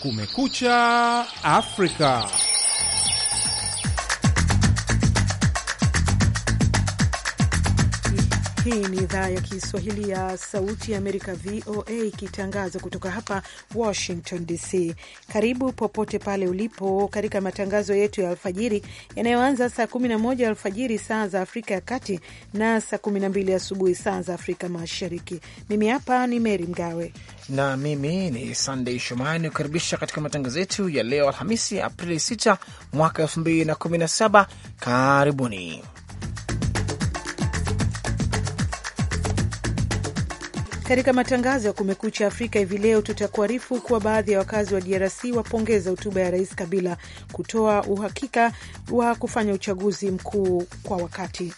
Kumekucha Afrika. Hii ni idhaa ya Kiswahili ya Sauti ya Amerika, VOA, ikitangaza kutoka hapa Washington DC. Karibu popote pale ulipo katika matangazo yetu ya alfajiri yanayoanza saa 11 alfajiri saa za Afrika ya Kati na saa 12 asubuhi saa za Afrika Mashariki. Mimi hapa ni Meri Mgawe na mimi ni Sandey Shomani, kukaribisha katika matangazo yetu ya leo Alhamisi, Aprili 6 mwaka 2017. Karibuni. Katika matangazo ya Kumekucha Afrika hivi leo, tutakuarifu kuwa baadhi ya wakazi wa DRC wapongeza hotuba ya Rais Kabila kutoa uhakika wa kufanya uchaguzi mkuu kwa wakati.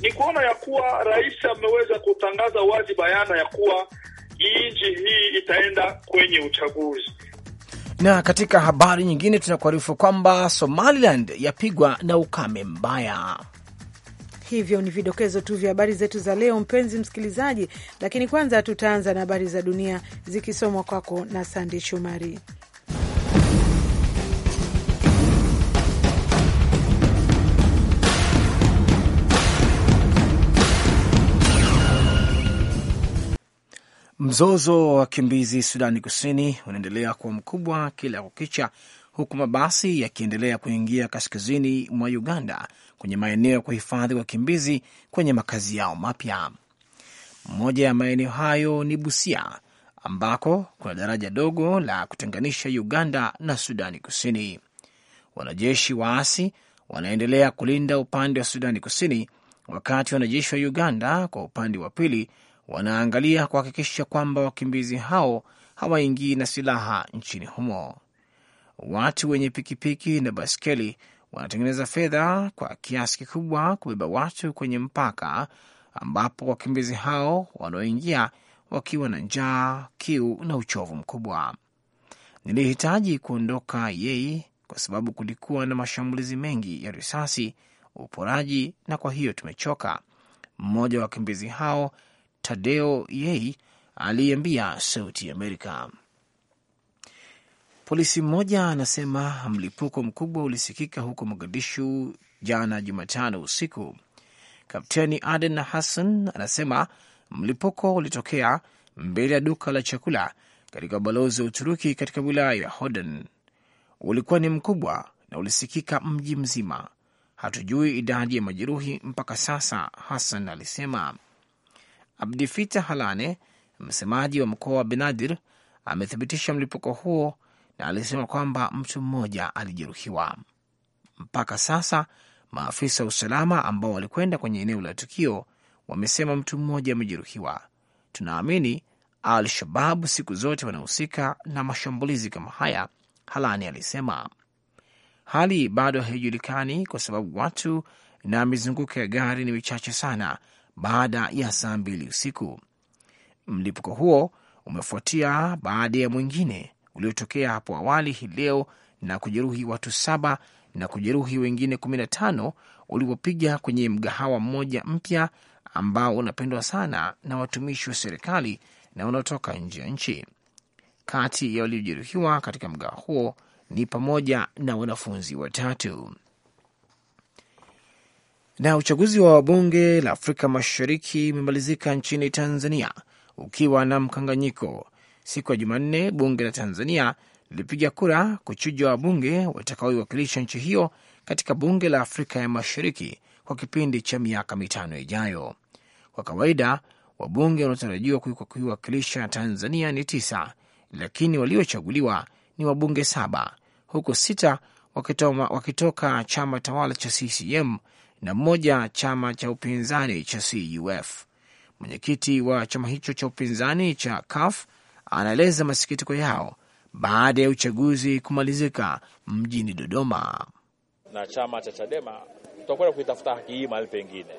Ni kuona ya kuwa rais ameweza kutangaza wazi bayana ya kuwa nchi hii itaenda kwenye uchaguzi. Na katika habari nyingine, tunakuarifu kwamba Somaliland yapigwa na ukame mbaya. Hivyo ni vidokezo tu vya habari zetu za leo, mpenzi msikilizaji, lakini kwanza tutaanza na habari za dunia zikisomwa kwako na Sande Shomari. Mzozo wa wakimbizi Sudani Kusini unaendelea kuwa mkubwa kila kukicha, huku mabasi yakiendelea kuingia kaskazini mwa Uganda kwenye maeneo ya kuhifadhi wakimbizi kwenye makazi yao mapya. Moja ya maeneo hayo ni Busia ambako kuna daraja dogo la kutenganisha Uganda na Sudani Kusini. Wanajeshi waasi wanaendelea kulinda upande wa Sudani Kusini, wakati wanajeshi wa Uganda kwa upande wa pili wanaangalia kuhakikisha kwamba wakimbizi hao hawaingii na silaha nchini humo watu wenye pikipiki na baskeli wanatengeneza fedha kwa kiasi kikubwa kubeba watu kwenye mpaka, ambapo wakimbizi hao wanaoingia wakiwa na njaa, kiu na uchovu mkubwa. Nilihitaji kuondoka Yei kwa sababu kulikuwa na mashambulizi mengi ya risasi, uporaji, na kwa hiyo tumechoka, mmoja wa wakimbizi hao Tadeo Yei aliambia Sauti Amerika. Polisi mmoja anasema mlipuko mkubwa ulisikika huko Mogadishu jana Jumatano usiku. Kapteni Aden Hassan anasema mlipuko ulitokea mbele ya duka la chakula katika ubalozi wa Uturuki katika wilaya ya Hodan. Ulikuwa ni mkubwa na ulisikika mji mzima. Hatujui idadi ya majeruhi mpaka sasa, Hassan alisema. Abdifita Halane, msemaji wa mkoa wa Benadir, amethibitisha mlipuko huo na alisema kwamba mtu mmoja alijeruhiwa. Mpaka sasa maafisa wa usalama ambao walikwenda kwenye eneo la tukio wamesema mtu mmoja amejeruhiwa. Tunaamini al shababu siku zote wanahusika na mashambulizi kama haya, Halani alisema. Hali bado haijulikani kwa sababu watu na mizunguko ya gari ni michache sana baada ya saa mbili usiku. Mlipuko huo umefuatia baada ya mwingine uliotokea hapo awali hii leo na kujeruhi watu saba na kujeruhi wengine kumi na tano ulipopiga kwenye mgahawa mmoja mpya ambao unapendwa sana na watumishi wa serikali na unaotoka nje ya nchi. Kati ya waliojeruhiwa katika mgahawa huo ni pamoja na wanafunzi watatu. Na uchaguzi wa wabunge la Afrika Mashariki umemalizika nchini Tanzania ukiwa na mkanganyiko Siku ya Jumanne, bunge la Tanzania lilipiga kura kuchuja wabunge watakaoiwakilisha nchi hiyo katika bunge la Afrika ya Mashariki kwa kipindi cha miaka mitano ijayo. Kwa kawaida wabunge wanaotarajiwa kuiwakilisha Tanzania ni tisa, lakini waliochaguliwa ni wabunge saba, huku sita wakitoma, wakitoka chama tawala cha CCM na mmoja chama cha upinzani cha CUF. Mwenyekiti wa chama hicho cha upinzani cha CUF anaeleza masikitiko yao baada ya uchaguzi kumalizika mjini Dodoma. Na chama cha Chadema tutakwenda kuitafuta haki hii mahali pengine.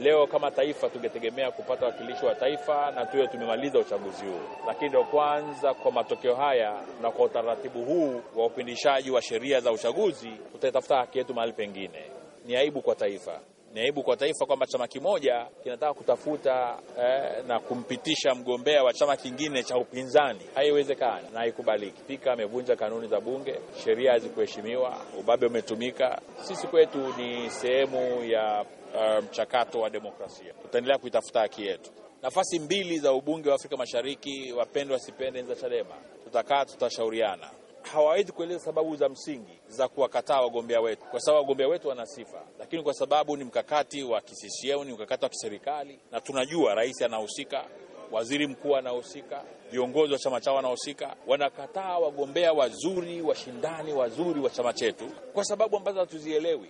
Leo kama taifa tungetegemea kupata wakilishi wa taifa na tuwe tumemaliza uchaguzi huu, lakini ndio kwanza kwa matokeo haya na kwa utaratibu huu wa upindishaji wa sheria za uchaguzi, tutaitafuta haki yetu mahali pengine. Ni aibu kwa taifa ni aibu kwa taifa kwamba chama kimoja kinataka kutafuta eh, na kumpitisha mgombea wa chama kingine cha upinzani. Haiwezekani na haikubaliki. Spika amevunja kanuni za Bunge, sheria hazikuheshimiwa, ubabe umetumika. Sisi kwetu ni sehemu ya eh, mchakato um, wa demokrasia. Tutaendelea kuitafuta haki yetu. Nafasi mbili za ubunge wa Afrika Mashariki, wapendwa sipende, ni za Chadema. Tutakaa, tutashauriana hawawezi kueleza sababu za msingi za kuwakataa wagombea wetu, kwa sababu wagombea wetu wana sifa, lakini kwa sababu ni mkakati wa kisisiemu, ni mkakati wa kiserikali, na tunajua rais anahusika, waziri mkuu anahusika, viongozi wa chama chao wanahusika, wanakataa wagombea wazuri, washindani wazuri wa chama chetu kwa sababu ambazo hatuzielewi.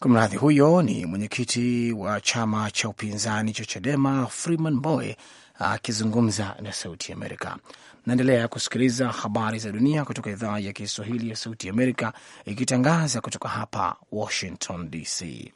Kumradhi, huyo ni mwenyekiti wa chama cha upinzani cha Chadema Freeman Mbowe akizungumza na Sauti Amerika. Naendelea kusikiliza habari za dunia kutoka idhaa ya Kiswahili ya Sauti Amerika ikitangaza kutoka hapa Washington DC.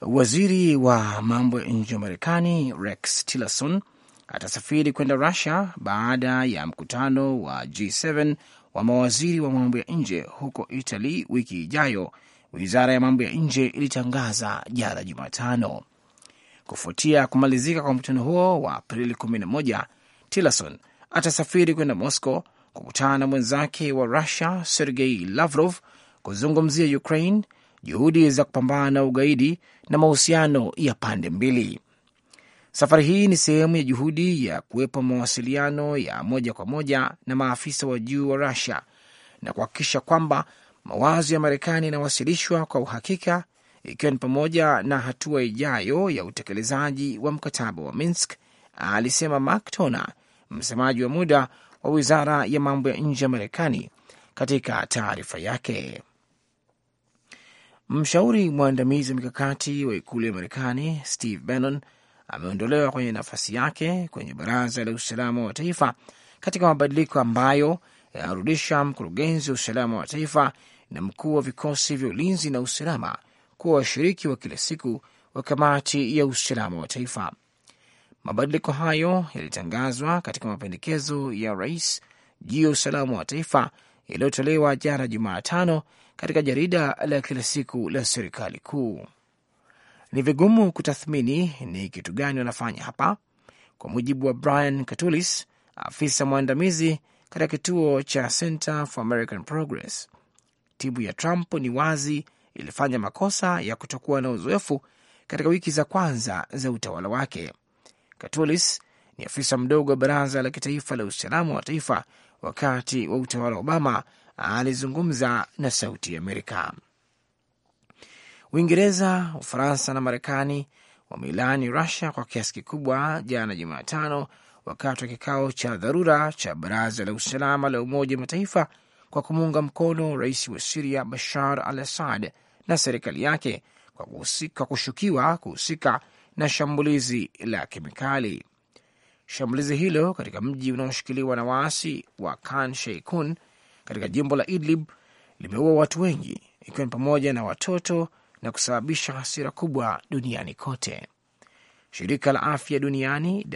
Waziri wa mambo ya nje wa Marekani Rex Tillerson atasafiri kwenda Rusia baada ya mkutano wa G7 wa mawaziri wa mambo ya nje huko Italy wiki ijayo wizara ya mambo ya nje ilitangaza jana Jumatano, kufuatia kumalizika kwa mkutano huo wa Aprili 11. Tillerson atasafiri kwenda Moscow kukutana na mwenzake wa Russia Sergei Lavrov kuzungumzia Ukraine, juhudi za kupambana na ugaidi na mahusiano ya pande mbili. Safari hii ni sehemu ya juhudi ya kuwepo mawasiliano ya moja kwa moja na maafisa wa juu wa Russia na kuhakikisha kwamba mawazo ya Marekani yanawasilishwa kwa uhakika, ikiwa ni pamoja na hatua ijayo ya utekelezaji wa mkataba wa Minsk, alisema Mark msemaji wa muda wa wizara ya mambo ya nje ya Marekani katika taarifa yake. Mshauri mwandamizi wa mikakati wa ikulu ya Marekani Steve Bannon ameondolewa kwenye nafasi yake kwenye baraza la usalama wa taifa katika mabadiliko ambayo yanarudisha mkurugenzi wa usalama wa taifa na mkuu wa vikosi vya ulinzi na usalama kuwa washiriki wa kila siku wa kamati ya usalama wa taifa. Mabadiliko hayo yalitangazwa katika mapendekezo ya rais juu ya usalama wa taifa yaliyotolewa jana Jumatano katika jarida la kila siku la serikali kuu. Ni vigumu kutathmini ni kitu gani wanafanya hapa, kwa mujibu wa Brian Katulis, afisa mwandamizi katika kituo cha Center for American Progress timu ya Trump ni wazi ilifanya makosa ya kutokuwa na uzoefu katika wiki za kwanza za utawala wake. Katulis ni afisa mdogo wa baraza la kitaifa la usalama wa taifa wakati wa utawala wa Obama. Alizungumza na Sauti ya Amerika. Uingereza, Ufaransa na Marekani wameilani Rusia kwa kiasi kikubwa jana Jumatano, wakati wa kikao cha dharura cha baraza la usalama la Umoja wa Mataifa kwa kumuunga mkono rais wa Siria Bashar al Assad na serikali yake kwa, kwa kushukiwa kuhusika na shambulizi la kemikali. Shambulizi hilo katika mji unaoshikiliwa na waasi wa Khan Sheikun katika jimbo la Idlib limeua watu wengi ikiwa ni pamoja na watoto na kusababisha hasira kubwa duniani kote. Shirika la afya duniani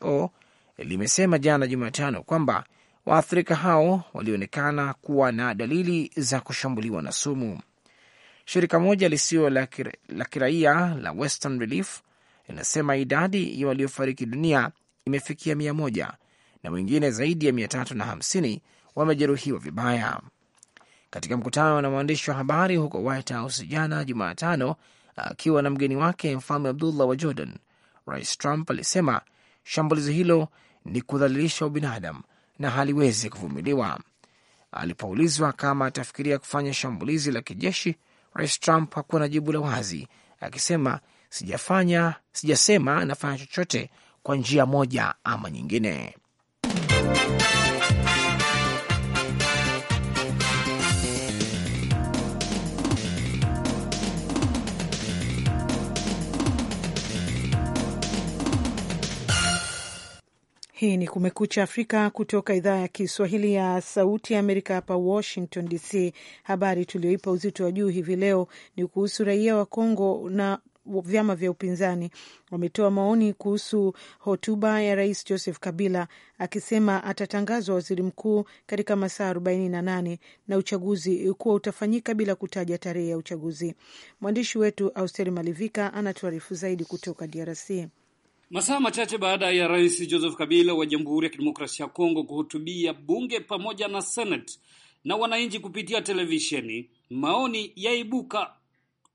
WHO limesema jana Jumatano kwamba Waathirika hao walionekana kuwa na dalili za kushambuliwa na sumu. Shirika moja lisio la kiraia la Western Relief linasema idadi ya waliofariki dunia imefikia mia moja na wengine zaidi ya mia tatu na hamsini wamejeruhiwa vibaya. Katika mkutano na waandishi wa habari huko White House jana Jumatano, akiwa na mgeni wake Mfalme Abdullah wa Jordan, Rais Trump alisema shambulizi hilo ni kudhalilisha ubinadamu na haliwezi kuvumiliwa. Alipoulizwa kama atafikiria kufanya shambulizi la kijeshi, Rais Trump hakuwa na jibu la wazi, akisema sijafanya, sijasema nafanya chochote kwa njia moja ama nyingine. Hii ni Kumekucha Afrika kutoka idhaa ya Kiswahili ya Sauti ya Amerika, hapa Washington DC. Habari tulioipa uzito wa juu hivi leo ni kuhusu raia wa Kongo na vyama vya upinzani wametoa maoni kuhusu hotuba ya Rais Joseph Kabila akisema atatangazwa waziri mkuu katika masaa 48 na uchaguzi kuwa utafanyika bila kutaja tarehe ya uchaguzi. Mwandishi wetu Austeri Malivika anatuarifu zaidi kutoka DRC. Masaa machache baada ya Rais Joseph Kabila wa Jamhuri ya Kidemokrasia ya Kongo kuhutubia bunge pamoja na Senate na wananchi kupitia televisheni, maoni yaibuka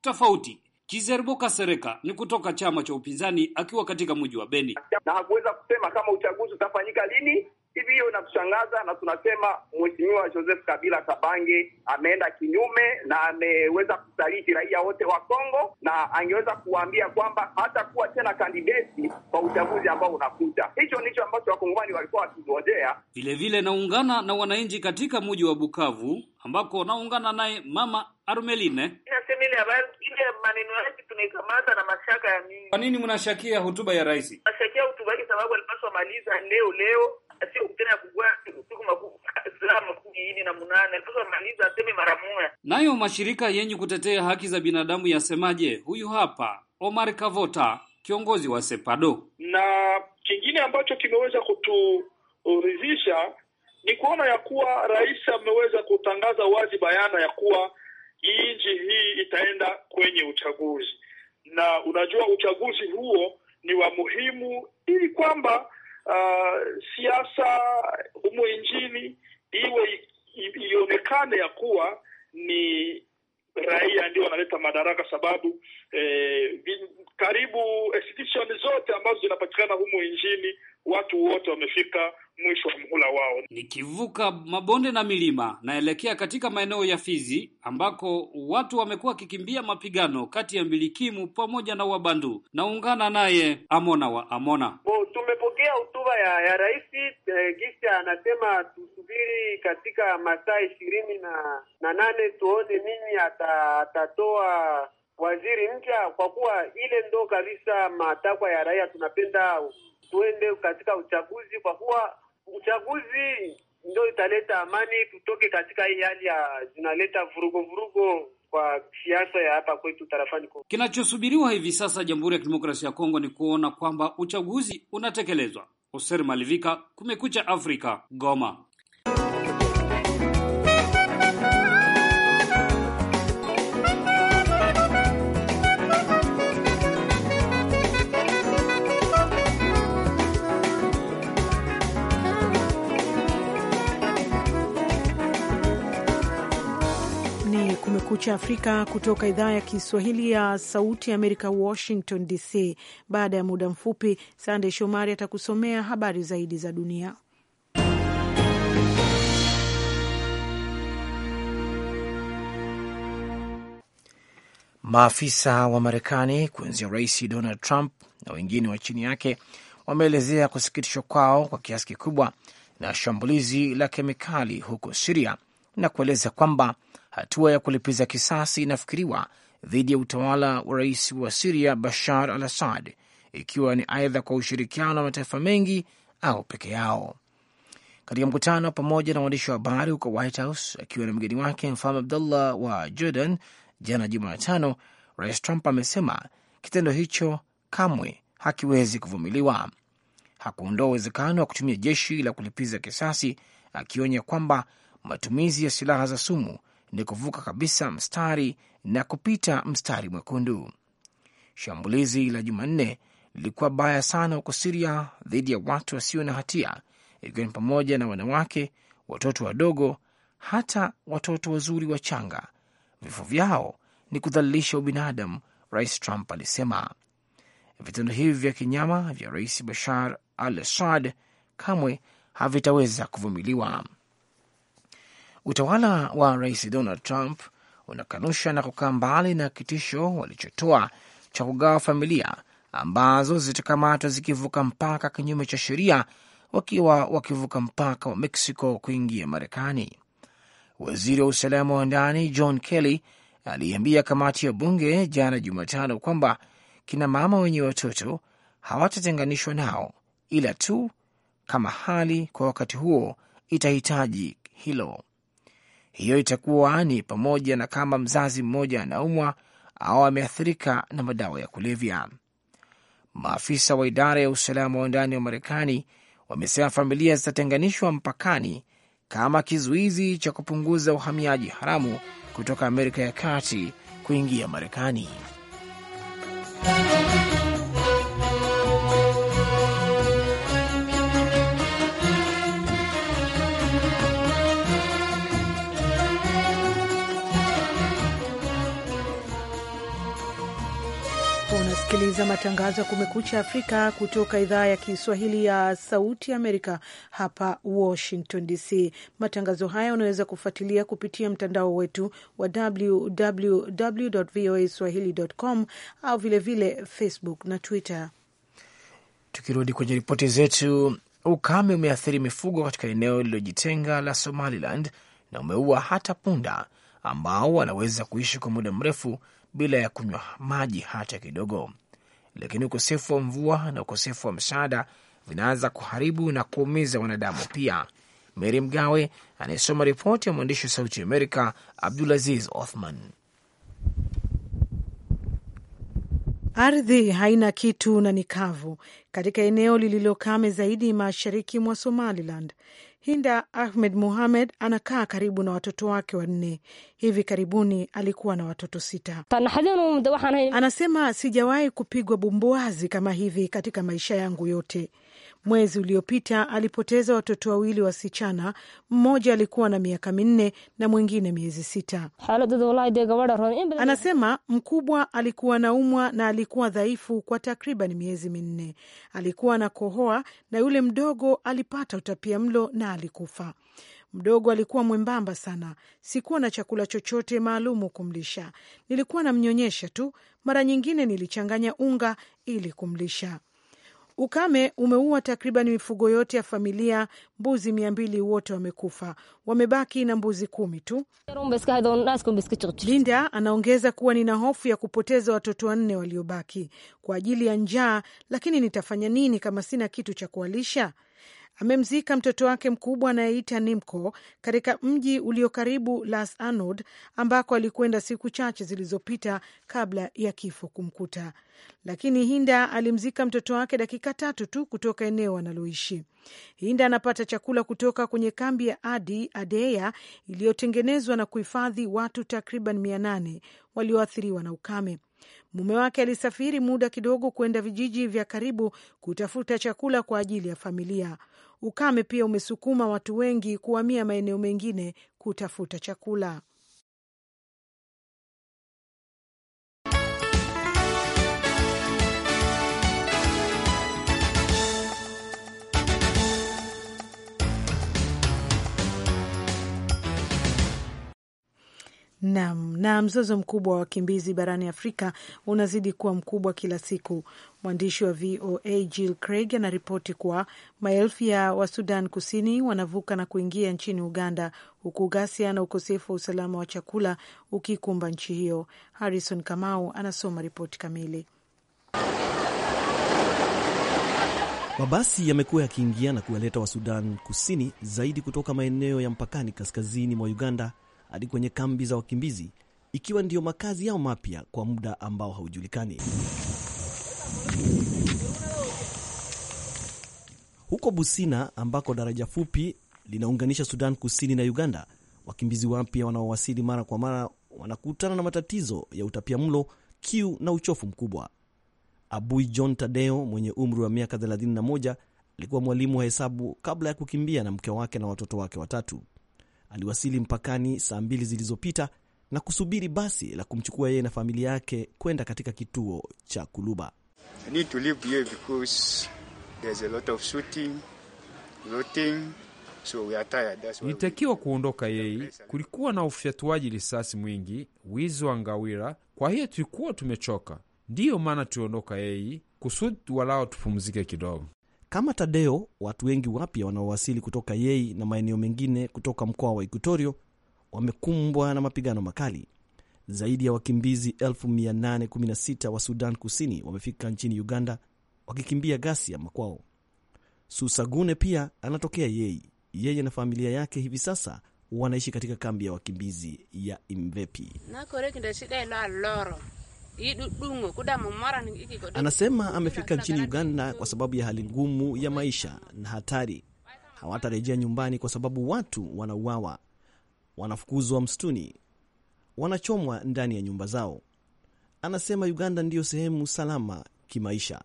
tofauti. Kizerbo Sereka ni kutoka chama cha upinzani akiwa katika mji wa Beni, na hakuweza kusema kama uchaguzi utafanyika lini Hivi hiyo inatushangaza na tunasema Mheshimiwa Joseph Kabila Kabange ameenda kinyume na ameweza kusaliti raia wote wa Kongo, na angeweza kuwaambia kwamba hata kuwa tena kandideti kwa uchaguzi ambao unakuja. Hicho ndicho ambacho wakongomani walikuwa wakingojea. Vilevile naungana na wananchi katika mji wa Bukavu ambako naungana naye mama Armeline ile maneno yake tunaikamata na mashaka ya mingi. Kwa nini mnashakia hotuba ya rais? Nashakia hotuba yake sababu alipaswa maliza leo leo Nayo mashirika yenye kutetea haki za binadamu yasemaje? Huyu hapa Omar Kavota, kiongozi wa Sepado. Na kingine ambacho kimeweza kuturidhisha ni kuona ya kuwa rais ameweza kutangaza wazi bayana ya kuwa nchi hii itaenda kwenye uchaguzi, na unajua uchaguzi huo ni wa muhimu ili kwamba uh, siasa humo nchini iwe ionekane ya kuwa ni raia ndio wanaleta madaraka, sababu eh, karibu institution zote ambazo zinapatikana humo nchini watu wote wamefika mwisho wa mhula wao. Nikivuka mabonde na milima, naelekea katika maeneo ya Fizi ambako watu wamekuwa wakikimbia mapigano kati ya mbilikimu pamoja na Wabandu. Naungana naye Amona wa Amona. Bo, tumepokea hotuba ya, ya rais eh, Gisha anasema tusubiri katika masaa ishirini na, na nane tuone nini atatoa waziri mpya, kwa kuwa ile ndo kabisa matakwa ya raia. Tunapenda tuende katika uchaguzi, kwa kuwa uchaguzi ndio italeta amani, tutoke katika hii hali ya zinaleta vurugo vurugo kwa siasa ya hapa kwetu tarafani Kinachosubiriwa hivi sasa Jamhuri ya Kidemokrasia ya Kongo ni kuona kwamba uchaguzi unatekelezwa. Hoser Malivika, Kumekucha Afrika, Goma. Kumekucha Afrika kutoka idhaa ya Kiswahili ya Sauti ya Amerika, Washington DC. Baada ya muda mfupi, Sandey Shomari atakusomea habari zaidi za dunia. Maafisa wa Marekani kuanzia Rais Donald Trump na wengine wa chini yake wameelezea kusikitishwa kwao kwa kiasi kikubwa na shambulizi la kemikali huko Siria na kueleza kwamba hatua ya kulipiza kisasi inafikiriwa dhidi ya utawala wa rais wa Siria Bashar al Assad, ikiwa ni aidha kwa ushirikiano wa mataifa mengi au peke yao. Katika mkutano pamoja na waandishi wa habari huko White House akiwa na mgeni wake Mfalme Abdullah wa Jordan jana Jumatano, Rais Trump amesema kitendo hicho kamwe hakiwezi kuvumiliwa. Hakuondoa uwezekano wa kutumia jeshi la kulipiza kisasi, akionya kwamba matumizi ya silaha za sumu ni kuvuka kabisa mstari na kupita mstari mwekundu. Shambulizi la Jumanne lilikuwa baya sana huko Siria dhidi ya watu wasio na hatia, ikiwa ni pamoja na wanawake, watoto wadogo, hata watoto wazuri wachanga. Vifo vyao ni kudhalilisha ubinadamu, Rais Trump alisema. Vitendo hivi vya kinyama vya Rais Bashar al Assad kamwe havitaweza kuvumiliwa. Utawala wa Rais Donald Trump unakanusha na kukaa mbali na kitisho walichotoa cha kugawa familia ambazo zitakamatwa zikivuka mpaka kinyume cha sheria, wakiwa wakivuka mpaka wa Mexico kuingia Marekani. Waziri wa usalama wa ndani John Kelly aliambia kamati ya bunge jana Jumatano kwamba kina mama wenye watoto hawatatenganishwa nao ila tu kama hali kwa wakati huo itahitaji hilo. Hiyo itakuwa ni pamoja na kama mzazi mmoja anaumwa au ameathirika na madawa ya kulevya. Maafisa wa idara ya usalama wa ndani wa Marekani wamesema familia zitatenganishwa mpakani kama kizuizi cha kupunguza uhamiaji haramu kutoka Amerika ya kati kuingia Marekani. unasikiliza matangazo ya Kumekucha Afrika kutoka idhaa ya Kiswahili ya Sauti Amerika hapa Washington DC. Matangazo haya unaweza kufuatilia kupitia mtandao wetu wa www voa swahili.com au vilevile vile Facebook na Twitter. Tukirudi kwenye ripoti zetu, ukame umeathiri mifugo katika eneo lililojitenga la Somaliland na umeua hata punda ambao wanaweza kuishi kwa muda mrefu bila ya kunywa maji hata kidogo lakini ukosefu wa mvua na ukosefu wa msaada vinaanza kuharibu na kuumiza wanadamu pia. Mary Mgawe anayesoma ripoti ya mwandishi wa Sauti Amerika Abdulaziz Othman. Ardhi haina kitu na ni kavu katika eneo lililokame zaidi mashariki mwa Somaliland. Hinda Ahmed muhamed anakaa karibu na watoto wake wanne. Hivi karibuni alikuwa na watoto sita. Anasema, sijawahi kupigwa bumbuazi kama hivi katika maisha yangu yote. Mwezi uliopita alipoteza watoto wawili wasichana, mmoja alikuwa na miaka minne na mwingine miezi sita. Anasema mkubwa alikuwa anaumwa na alikuwa dhaifu kwa takriban miezi minne, alikuwa anakohoa, na yule mdogo alipata utapia mlo na alikufa. Mdogo alikuwa mwembamba sana, sikuwa na chakula chochote maalumu kumlisha, nilikuwa namnyonyesha tu. Mara nyingine nilichanganya unga ili kumlisha. Ukame umeua takriban mifugo yote ya familia, mbuzi mia mbili wote wamekufa, wamebaki na mbuzi kumi tu. Linda anaongeza kuwa nina hofu ya kupoteza watoto wanne waliobaki kwa ajili ya njaa, lakini nitafanya nini kama sina kitu cha kuwalisha? amemzika mtoto wake mkubwa anayeita Nimco katika mji ulio karibu Las Anod ambako alikwenda siku chache zilizopita kabla ya kifo kumkuta. Lakini Hinda alimzika mtoto wake dakika tatu tu kutoka eneo analoishi. Hinda anapata chakula kutoka kwenye kambi ya Adi Adeya iliyotengenezwa na kuhifadhi watu takriban mia nane walioathiriwa na ukame. Mume wake alisafiri muda kidogo kwenda vijiji vya karibu kutafuta chakula kwa ajili ya familia. Ukame pia umesukuma watu wengi kuhamia maeneo mengine kutafuta chakula. Nam. Na mzozo mkubwa wa wakimbizi barani Afrika unazidi kuwa mkubwa kila siku. Mwandishi wa VOA Jill Craig anaripoti kuwa maelfu ya Wasudan Kusini wanavuka na kuingia nchini Uganda, huku ghasia na ukosefu wa usalama wa chakula ukikumba nchi hiyo. Harrison Kamau anasoma ripoti kamili. Mabasi yamekuwa yakiingia na kuwaleta Wasudan Kusini zaidi kutoka maeneo ya mpakani kaskazini mwa Uganda hadi kwenye kambi za wakimbizi, ikiwa ndiyo makazi yao mapya kwa muda ambao haujulikani. Huko Busina ambako daraja fupi linaunganisha Sudan Kusini na Uganda, wakimbizi wapya wanaowasili mara kwa mara wanakutana na matatizo ya utapia mlo kiu na uchofu mkubwa. Abui John Tadeo mwenye umri wa miaka 31 alikuwa mwalimu wa hesabu kabla ya kukimbia na mke wake na watoto wake watatu aliwasili mpakani saa mbili zilizopita na kusubiri basi la kumchukua yeye na familia yake kwenda katika kituo cha Kuluba. So kuondoka yei. Kulikuwa na ufyatuaji risasi mwingi, wizi wa ngawira, kwa hiyo tulikuwa tumechoka. Ndiyo maana tuliondoka yei kusudi walao tupumzike kidogo. Kama Tadeo, watu wengi wapya wanaowasili kutoka Yei na maeneo mengine kutoka mkoa wa Ekuatorio wamekumbwa na mapigano makali. Zaidi ya wakimbizi 816 wa Sudan Kusini wamefika nchini Uganda wakikimbia ghasia makwao. Susagune pia anatokea Yei. Yeye na familia yake hivi sasa wanaishi katika kambi ya wakimbizi ya Imvepi. Anasema amefika nchini Uganda kwa sababu ya hali ngumu ya maisha na hatari. Hawatarejea nyumbani kwa sababu watu wanauawa, wanafukuzwa msituni, wanachomwa ndani ya nyumba zao. Anasema Uganda ndiyo sehemu salama kimaisha.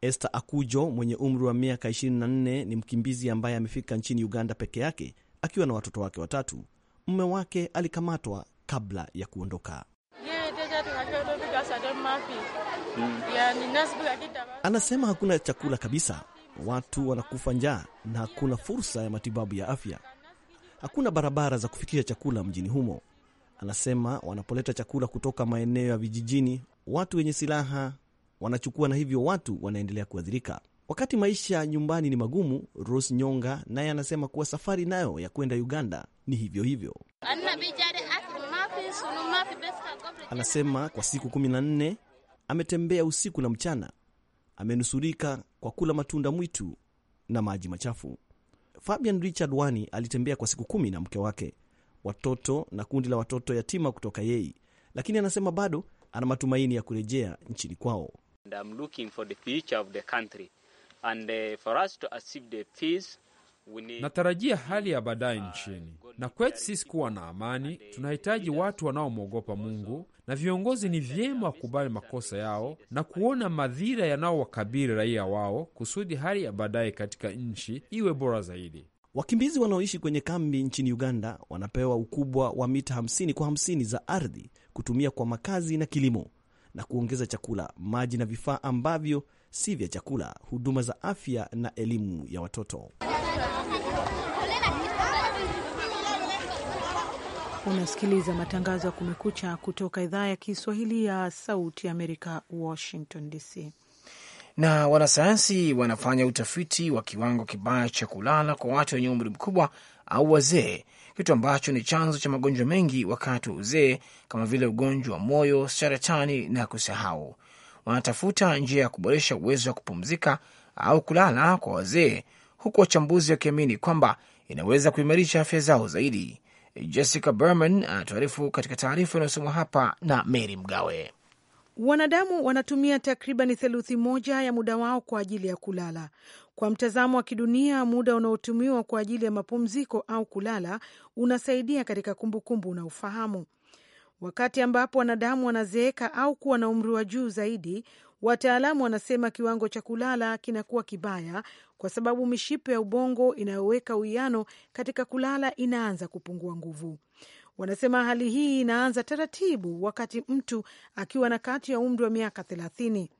Esther Akujo mwenye umri wa miaka 24 ni mkimbizi ambaye amefika nchini Uganda peke yake akiwa na watoto wake watatu. Mume wake alikamatwa kabla ya kuondoka. Hmm. Anasema hakuna chakula kabisa, watu wanakufa njaa na hakuna fursa ya matibabu ya afya. Hakuna barabara za kufikisha chakula mjini humo. Anasema wanapoleta chakula kutoka maeneo ya vijijini, watu wenye silaha wanachukua, na hivyo watu wanaendelea kuathirika. Wakati maisha nyumbani ni magumu, Rose Nyonga naye anasema kuwa safari nayo ya kwenda Uganda ni hivyo hivyo. Anasema kwa siku kumi na nne ametembea usiku na mchana, amenusurika kwa kula matunda mwitu na maji machafu. Fabian Richard Wani alitembea kwa siku kumi na mke wake, watoto na kundi la watoto yatima kutoka Yei, lakini anasema bado ana matumaini ya kurejea nchini kwao. And I'm looking for the future of the country. And uh, for us to achieve the peace Natarajia hali ya baadaye nchini, na kwetu sisi kuwa na amani, tunahitaji watu wanaomwogopa Mungu, na viongozi ni vyema wakubali makosa yao na kuona madhira yanaowakabiri raia wao, kusudi hali ya baadaye katika nchi iwe bora zaidi. Wakimbizi wanaoishi kwenye kambi nchini Uganda wanapewa ukubwa wa mita 50 kwa 50 za ardhi kutumia kwa makazi na kilimo, na kuongeza chakula, maji na vifaa ambavyo si vya chakula, huduma za afya na elimu ya watoto. Unasikiliza matangazo ya Kumekucha kutoka idhaa ya Kiswahili ya Sauti ya Amerika, Washington DC. Na wanasayansi wanafanya utafiti wa kiwango kibaya cha kulala kwa watu wenye umri mkubwa au wazee, kitu ambacho ni chanzo cha magonjwa mengi wakati wa uzee kama vile ugonjwa wa moyo, saratani na kusahau. Wanatafuta njia ya kuboresha uwezo wa kupumzika au kulala kwa wazee huku wachambuzi wakiamini kwamba inaweza kuimarisha afya zao zaidi. Jessica Berman anatuarifu katika taarifa inayosomwa hapa na Mary Mgawe. Wanadamu wanatumia takribani theluthi moja ya muda wao kwa ajili ya kulala. Kwa mtazamo wa kidunia, muda unaotumiwa kwa ajili ya mapumziko au kulala unasaidia katika kumbukumbu na ufahamu. Wakati ambapo wanadamu wanazeeka au kuwa na umri wa juu zaidi, Wataalamu wanasema kiwango cha kulala kinakuwa kibaya kwa sababu mishipa ya ubongo inayoweka uwiano katika kulala inaanza kupungua nguvu. Wanasema hali hii inaanza taratibu wakati mtu akiwa na kati ya umri wa miaka thelathini.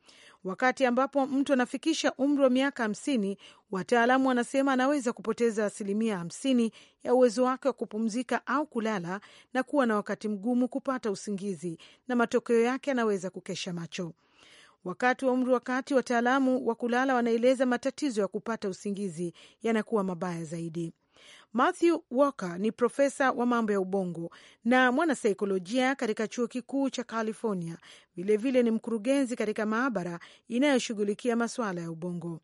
Wakati ambapo mtu anafikisha umri wa miaka hamsini, wataalamu wanasema anaweza kupoteza asilimia hamsini ya uwezo wake wa kupumzika au kulala na kuwa na wakati mgumu kupata usingizi, na matokeo yake anaweza kukesha macho. Wakati wa umri wa kati, wataalamu wa kulala wanaeleza matatizo ya kupata usingizi yanakuwa mabaya zaidi. Matthew Walker ni profesa wa mambo ya ubongo na mwanasaikolojia katika chuo kikuu cha California. Vilevile vile ni mkurugenzi katika maabara inayoshughulikia masuala ya ubongo.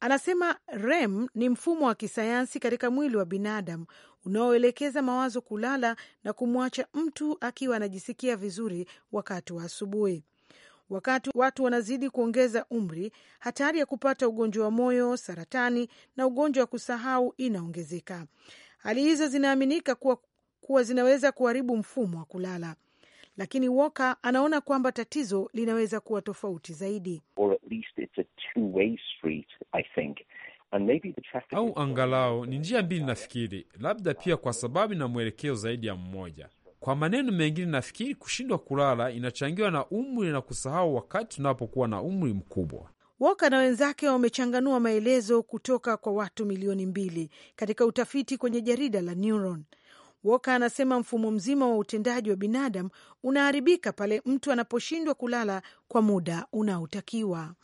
Anasema REM ni mfumo wa kisayansi katika mwili wa binadamu unaoelekeza mawazo kulala na kumwacha mtu akiwa anajisikia vizuri wakati wa asubuhi. Wakati watu wanazidi kuongeza umri, hatari ya kupata ugonjwa wa moyo, saratani na ugonjwa wa kusahau inaongezeka. Hali hizo zinaaminika kuwa, kuwa zinaweza kuharibu mfumo wa kulala, lakini Walker anaona kwamba tatizo linaweza kuwa tofauti zaidi. au angalau ni njia mbili, nafikiri labda pia kwa sababu na mwelekeo zaidi ya mmoja kwa maneno mengine, nafikiri kushindwa kulala inachangiwa na umri na kusahau wakati tunapokuwa na umri mkubwa. Woka na wenzake wamechanganua maelezo kutoka kwa watu milioni mbili katika utafiti kwenye jarida la Neuron. Woka anasema mfumo mzima wa utendaji wa binadamu unaharibika pale mtu anaposhindwa kulala kwa muda unaotakiwa.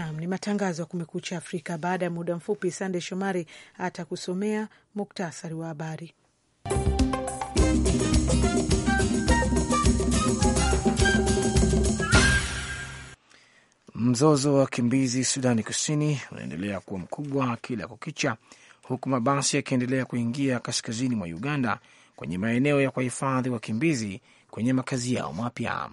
Naam, ni matangazo ya Kumekucha Afrika. Baada ya muda mfupi, Sande Shomari atakusomea muktasari wa habari. Mzozo wa wakimbizi Sudani Kusini unaendelea kuwa mkubwa kila kukicha, huku mabasi yakiendelea kuingia kaskazini mwa Uganda kwenye maeneo ya kuhifadhi wakimbizi kwenye makazi yao mapya.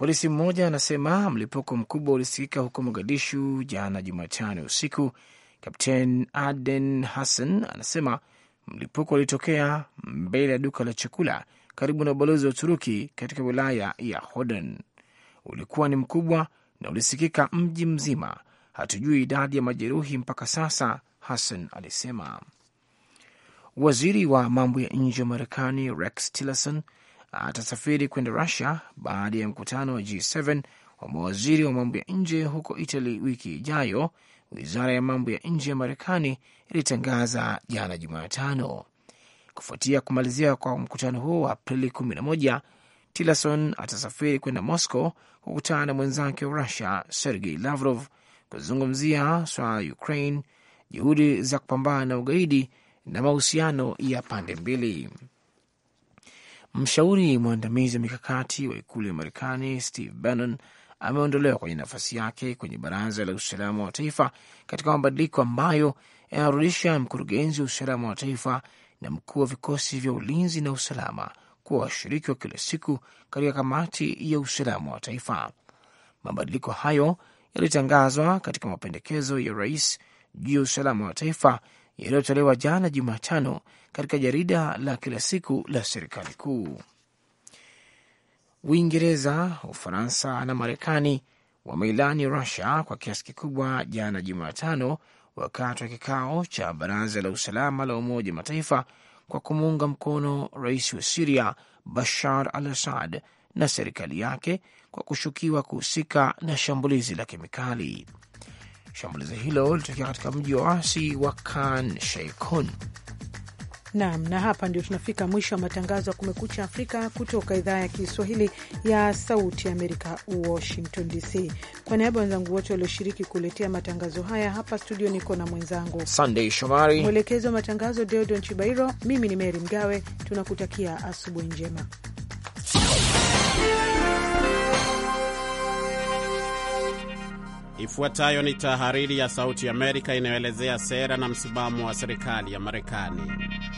Polisi mmoja anasema mlipuko mkubwa ulisikika huko Mogadishu jana Jumatano usiku. Kapten Aden Hassan anasema mlipuko ulitokea mbele ya duka la chakula karibu na ubalozi wa Uturuki katika wilaya ya Hodan. Ulikuwa ni mkubwa na ulisikika mji mzima. Hatujui idadi ya majeruhi mpaka sasa, Hassan alisema. Waziri wa mambo ya nje wa Marekani Rex Tillerson atasafiri kwenda Russia baada ya mkutano wa G7 wa mawaziri wa mambo ya nje huko Italy wiki ijayo. Wizara ya mambo ya nje ya Marekani ilitangaza jana Jumatano, kufuatia kumalizia kwa mkutano huo wa Aprili 11. Tillerson atasafiri kwenda Moscow kukutana na mwenzake wa Russia Sergei Lavrov kuzungumzia swala ya Ukraine, juhudi za kupambana na ugaidi na mahusiano ya pande mbili. Mshauri mwandamizi wa mikakati wa ikulu ya Marekani Steve Bannon ameondolewa kwenye nafasi yake kwenye baraza la usalama wa taifa katika mabadiliko ambayo yanarudisha mkurugenzi wa usalama wa taifa na mkuu wa vikosi vya ulinzi na usalama kuwa washiriki wa kila siku katika kamati ya usalama wa taifa. Mabadiliko hayo yalitangazwa katika mapendekezo ya rais juu ya usalama wa taifa yaliyotolewa jana Jumatano katika jarida la kila siku la serikali kuu. Uingereza, Ufaransa na Marekani wameilani Rusia kwa kiasi kikubwa jana Jumatano wakati wa kikao cha Baraza la Usalama la Umoja Mataifa kwa kumuunga mkono rais wa Siria Bashar al Assad na serikali yake kwa kushukiwa kuhusika na shambulizi la kemikali. Shambulizi hilo lilitokea katika mji wa waasi wa Khan Sheikhoun. Nam, na hapa ndio tunafika mwisho wa matangazo ya Kumekucha Afrika kutoka idhaa ya Kiswahili ya Sauti ya Amerika, Washington DC. Kwa niaba ya wenzangu wote walioshiriki kuletea matangazo haya hapa studio, niko na mwenzangu Sandey Shomari, mwelekezi wa matangazo Deodon Chibairo. Mimi ni Meri Mgawe, tunakutakia asubuhi njema. Ifuatayo ni tahariri ya Sauti Amerika inayoelezea sera na msimamo wa serikali ya Marekani.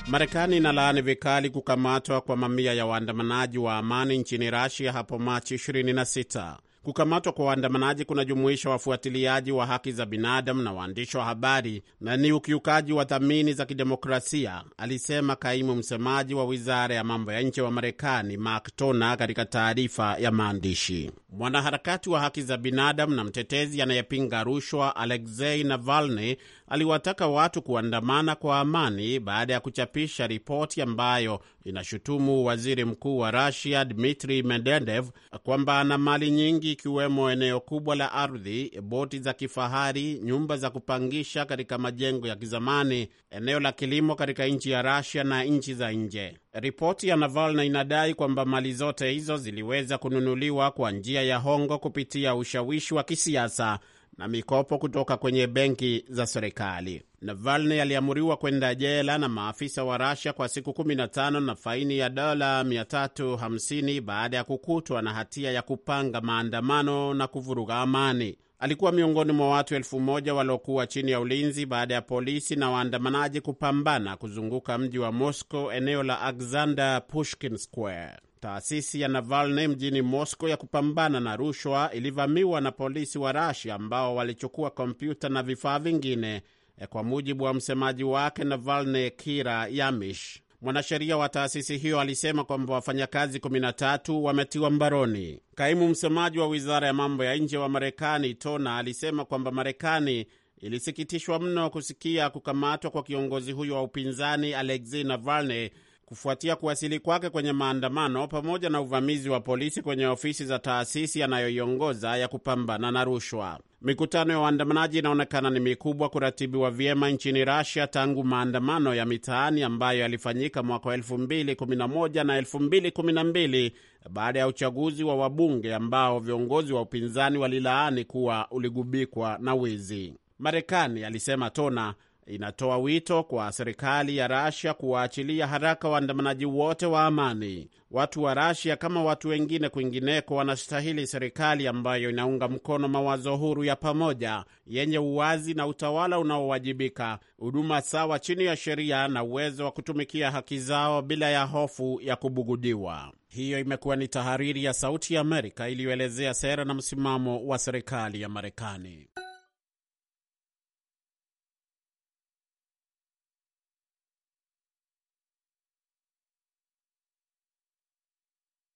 Marekani inalaani vikali kukamatwa kwa mamia ya waandamanaji wa amani nchini Rasia hapo Machi 26. Kukamatwa kwa waandamanaji kunajumuisha wafuatiliaji wa haki za binadamu na waandishi wa habari na ni ukiukaji wa thamani za kidemokrasia, alisema kaimu msemaji wa wizara ya mambo ya nje wa Marekani Mark Tona katika taarifa ya maandishi. Mwanaharakati wa haki za binadamu na mtetezi anayepinga rushwa Alexei Navalny aliwataka watu kuandamana kwa amani baada ya kuchapisha ripoti ambayo inashutumu waziri mkuu wa rasia Dmitri Medvedev kwamba ana mali nyingi ikiwemo eneo kubwa la ardhi, boti za kifahari, nyumba za kupangisha katika majengo ya kizamani, eneo la kilimo katika nchi ya rasia na nchi za nje. Ripoti ya Navalny inadai kwamba mali zote hizo ziliweza kununuliwa kwa njia ya hongo kupitia ushawishi wa kisiasa na mikopo kutoka kwenye benki za serikali. Navalny aliamuriwa kwenda jela na maafisa wa Rasia kwa siku 15 na faini ya dola 350 baada ya kukutwa na hatia ya kupanga maandamano na kuvuruga amani. Alikuwa miongoni mwa watu elfu moja waliokuwa chini ya ulinzi baada ya polisi na waandamanaji kupambana kuzunguka mji wa Moscow, eneo la Alexander Pushkin Square. Taasisi ya Navalny mjini Moscow ya kupambana na rushwa ilivamiwa na polisi wa Rasia ambao walichukua kompyuta na vifaa vingine, eh, kwa mujibu wa msemaji wake Navalny Kira Yamish. Mwanasheria wa taasisi hiyo alisema kwamba wafanyakazi 13 wametiwa mbaroni. Kaimu msemaji wa wizara ya mambo ya nje wa Marekani Tona alisema kwamba Marekani ilisikitishwa mno kusikia kukamatwa kwa kiongozi huyo wa upinzani Alexei Navalny kufuatia kuwasili kwake kwenye maandamano pamoja na uvamizi wa polisi kwenye ofisi za taasisi anayoiongoza ya kupambana na rushwa. Mikutano ya waandamanaji inaonekana ni mikubwa kuratibiwa vyema nchini Russia tangu maandamano ya mitaani ambayo yalifanyika mwaka wa 2011 na 2012 baada ya uchaguzi wa wabunge ambao viongozi wa upinzani walilaani kuwa uligubikwa na wizi. Marekani, alisema Tona, inatoa wito kwa serikali ya Rasia kuwaachilia haraka waandamanaji wote wa amani. Watu wa Rasia kama watu wengine kwingineko, wanastahili serikali ambayo inaunga mkono mawazo huru ya pamoja yenye uwazi na utawala unaowajibika, huduma sawa chini ya sheria na uwezo wa kutumikia haki zao bila ya hofu ya kubugudiwa. Hiyo imekuwa ni tahariri ya Sauti ya Amerika iliyoelezea sera na msimamo wa serikali ya Marekani.